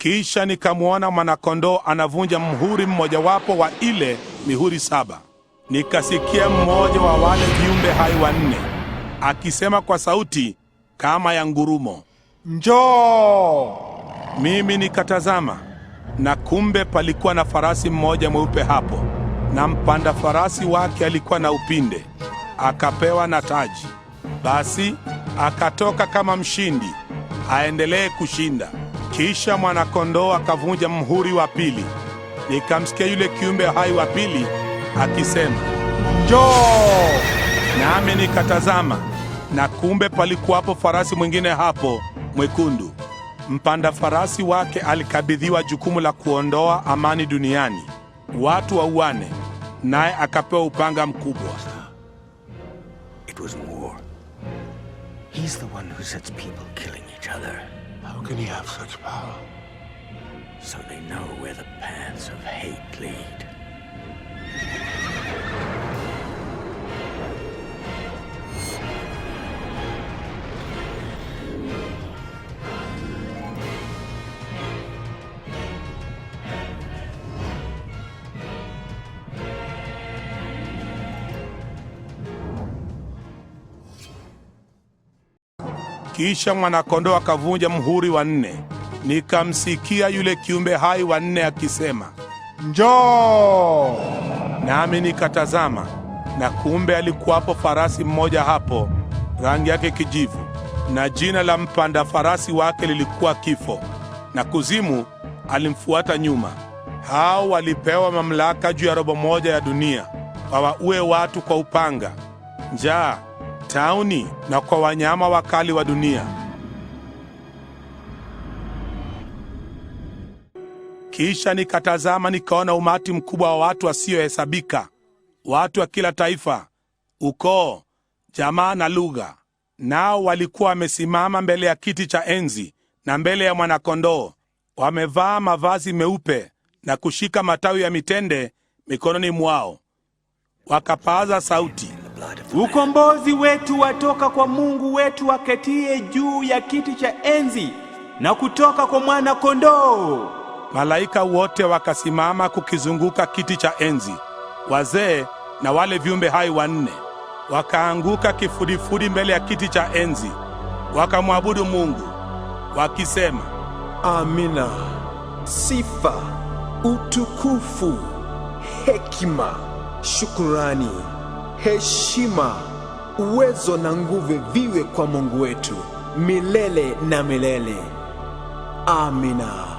Kisha nikamwona mwanakondoo anavunja mhuri mmojawapo wa ile mihuri saba. Nikasikia mmoja wa wale viumbe hai wanne akisema kwa sauti kama ya ngurumo, njoo! Mimi nikatazama, na kumbe palikuwa na farasi mmoja mweupe hapo, na mpanda farasi wake alikuwa na upinde, akapewa na taji. Basi akatoka kama mshindi, aendelee kushinda. Kisha mwana-kondoo akavunja mhuri wa pili. Nikamsikia yule kiumbe hai wa pili akisema, njoo! Nami nikatazama, na kumbe palikuwapo farasi mwingine hapo mwekundu. Mpanda farasi wake alikabidhiwa jukumu la kuondoa amani duniani, watu wauane, naye akapewa upanga mkubwa. It was war. He's the one who sets people killing each other. How can he have such power? So they know where the paths of hate lead. Kisha mwanakondoo akavunja mhuri wa nne. Nikamsikia yule kiumbe hai wa nne akisema, njoo. Nami nikatazama, na kumbe alikuwapo farasi mmoja hapo, rangi yake kijivu, na jina la mpanda farasi wake lilikuwa Kifo, na Kuzimu alimfuata nyuma. Hao walipewa mamlaka juu ya robo moja ya dunia, wawaue watu kwa upanga, njaa tauni na kwa wanyama wakali wa dunia. Kisha nikatazama nikaona umati mkubwa wa watu wasiohesabika, watu wa kila taifa, ukoo, jamaa na lugha. Nao walikuwa wamesimama mbele ya kiti cha enzi na mbele ya mwanakondoo, wamevaa mavazi meupe na kushika matawi ya mitende mikononi mwao, wakapaaza sauti Ukombozi wetu watoka kwa Mungu wetu aketie juu ya kiti cha enzi na kutoka kwa mwana kondoo. Malaika wote wakasimama kukizunguka kiti cha enzi, wazee na wale viumbe hai wanne wakaanguka kifudifudi mbele ya kiti cha enzi, wakamwabudu Mungu wakisema, Amina. Sifa, utukufu, hekima, shukurani heshima, uwezo na nguvu viwe kwa Mungu wetu milele na milele. Amina.